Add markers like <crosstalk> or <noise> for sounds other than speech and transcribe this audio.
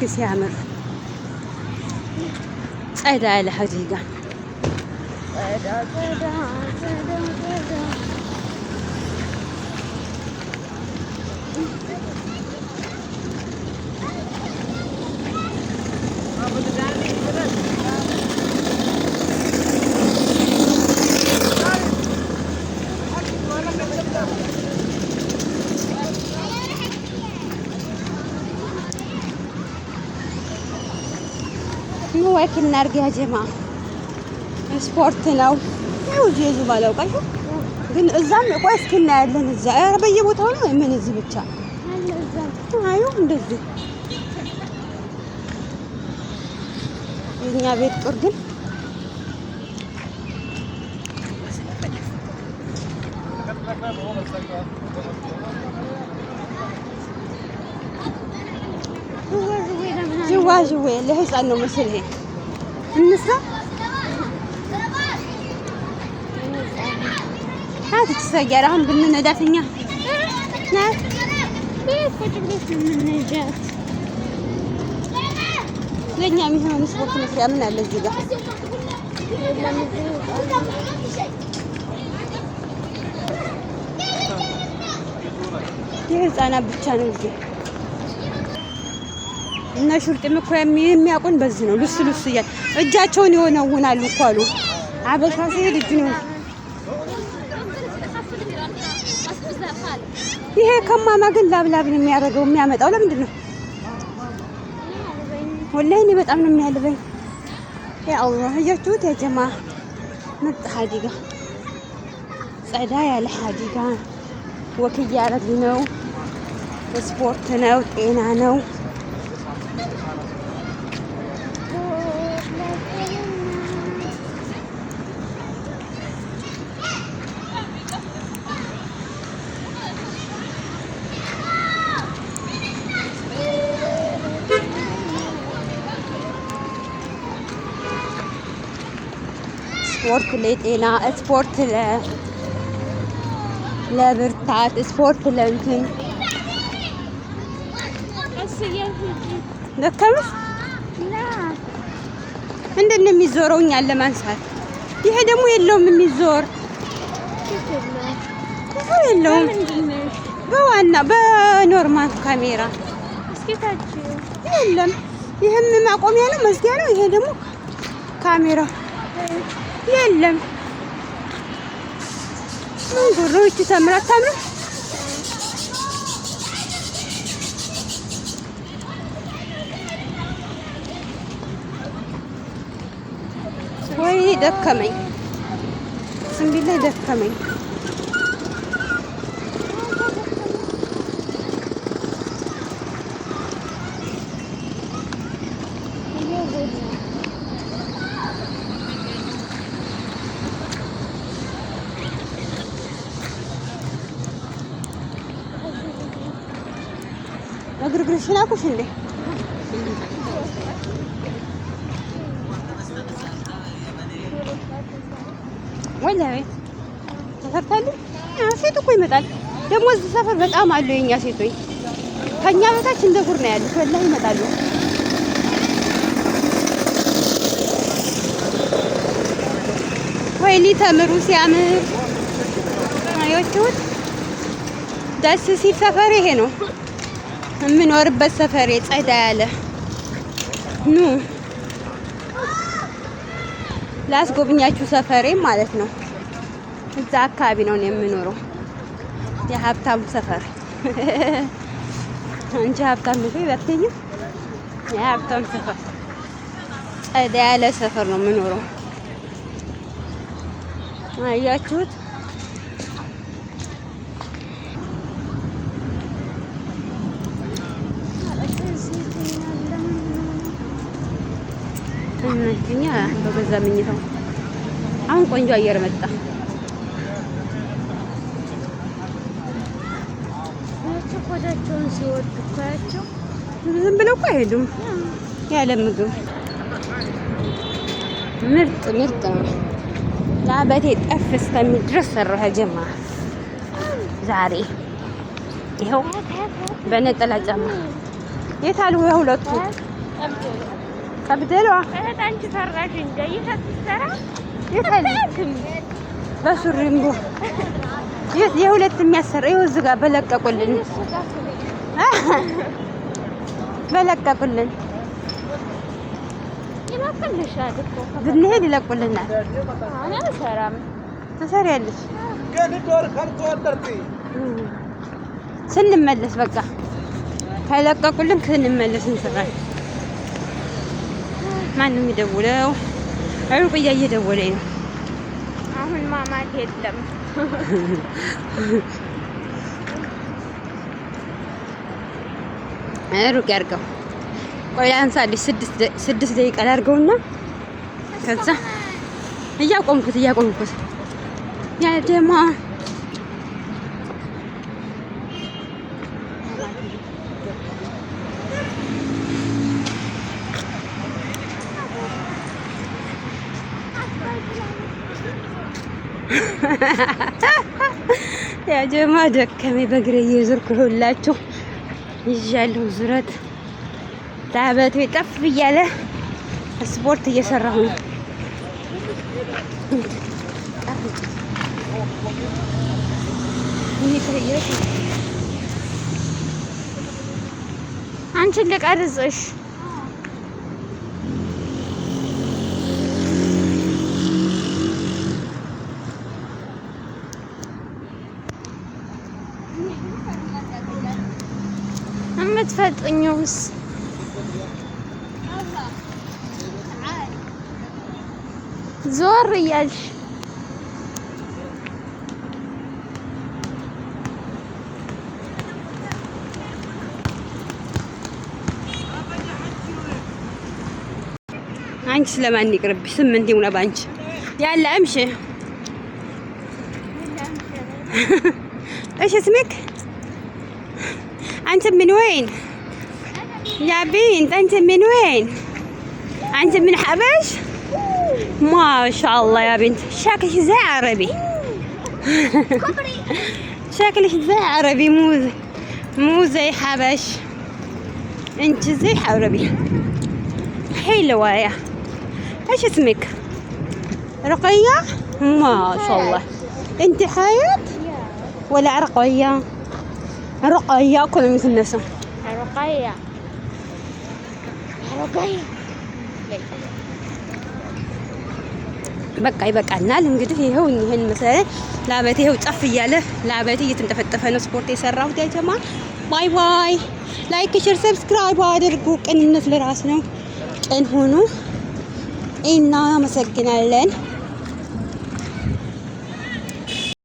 كيف يعمل عيد عيلة حقيقة Thank you. ወክ እናድርግ። ያ ጀማ ስፖርት ነው። ያው እዚህ ባለው ቀይ ግን እዛም ቆይ እስኪ እናያለን። እዛ ኧረ በየቦታው ነው። ምን እዚህ ብቻ አዩ እንደዚህ የኛ ቤት ጡር ግን ዥዋዥዌ ለህፃን ነው መስል ይሄ እንስራ ናት ትሰያለህ። አሁን ብንነዳት እኛ ናት ለእኛ ስፖርት መስሪያ ምን አለ እዚህ ጋር የህፃናት ብቻ ነው እዚህ እነ ሹርጢም እኮ የሚያውቁን በዚህ ነው። ልስ ልስ እያል እጃቸውን የሆነውናሉ እኮ አሉ። አበሻ ሲሄድ እጁን ይሄ ከማማ ግን ላብላብን የሚያደርገው የሚያመጣው ለምንድን ነው? ወላሂ እኔ በጣም ነው የሚያልበኝ። ያአላህ እያችሁት ያጀማ ምርጥ ሀዲጋ ጸዳ ያለ ሀዲጋ ወክ እያደረግ ነው። ስፖርት ነው፣ ጤና ነው። ስፖርት ለጤና፣ ስፖርት ለብርታት፣ ስፖርት ለእንትን ደከመሽ? ምንድን ነው የሚዞረው? እኛን ለማንሳት ይሄ ደግሞ የለውም የሚዞር የለውም። በዋና በኖርማል ካሜራ የለም። ይህም ማቆሚያ ነው፣ መዝጊያ ነው። ይሄ ደግሞ ካሜራ የለም። ምን ጉሮ እቺ ታምራ ታምራ ወይ ደከመኝ ስምቢላይ ደከመኝ። ግርግርሽን አቁሽ እንዴ ወላ ቤት ተሰርታለች። ሴት እኮ ይመጣል ደግሞ እዚህ ሰፈር በጣም አሉ። የኛ ሴቶኝ ከኛ በታች እንደ ጉር ነው ያሉት። ወላ ይመጣሉ። ወይኔ ተምሩ ሲያምር አያችሁት። ደስ ሲል ሰፈር ይሄ ነው። የምኖርበት ሰፈር ጸዳ ያለ ኑ ላስጎብኛችሁ። ሰፈሬ ማለት ነው። እዛ አካባቢ ነው የምኖረው። የሀብታሙ ሰፈር እንጂ <laughs> ሀብታም ነው ይበርተኛል። የሀብታም ሰፈር ጸዳ ያለ ሰፈር ነው የምኖረው። አያችሁት? እኛ በገዛ ምኝታው አሁን ቆንጆ አየር መጣ። ቆዳቸውን ሲወዱ እኳያቸው ዝም ብለው እኮ አይሄዱም። ያለ ምግብ ምርጥ ምርጥ ነው። ለአበቴ ጠፍ እስከሚል ድረስ ሰራሁ ጀማ ዛሬ ይኸው በነጠላ ጫማ የት አሉ ቀብደሏ አንቺ ሰራሽ የሁለት የሚያሰራ ይኸው እዚህ ጋር በለቀቁልን <laughs> በለቀቁልን ብንሄድ ይለቁልናል። ትሰሪያለሽ ስንመለስ በቃ ከለቀቁልን ስንመለስ እንሰራለን። ማን ነው የሚደውለው? ሩቅያ እየደወለ ነው። አሁን ማማት የለም። ሩቅ ያርገው። ቆይ አንሳልሽ። ስድስት ደቂቃ ላርገውና ከዛ እያቆምኩት እያቆምኩት ያ ደግሞ ያጀማ ደከሜ በእግሬ እየዞርኩ ሁላችሁ ይዣለሁ። ዙረት ዳበቱ ጠፍ እያለ ስፖርት እየሰራሁ ነው። አንቺን ልቀርጽሽ የምትፈጥኙውስ? ዞር እያልሽ አንቺ ስለማን ይቅርብሽ? ስምንት ይሙላ ባንቺ ያለ እምሽ እሺ ስሜክ أنت من وين؟ يا بنت أنت من وين؟ أنت من حبش؟ ما شاء الله يا بنت شكلك زي عربي <laughs> شكلك زي عربي مو مو زي حبش أنت زي عربي حلوة يا إيش اسمك؟ رقية؟ ما شاء الله أنت حياة؟ ولا رقية؟ ሩቃያ እኮ ነው የምትነሳው። ሩቃያ ሩቃያ በቃ ይበቃናል። እንግዲህ ይኸው ይህን መሰለኝ ላበቴ ይኸው ጸፍ እያለ ላበቴ እየተንጠፈጠፈ ነው ስፖርት የሰራሁት። ያጀማ ባይ ባይ። ላይክ ሼር፣ ሰብስክራይብ አድርጉ። ቅንነት ለራስ ነው። ቅን ሁኑ እና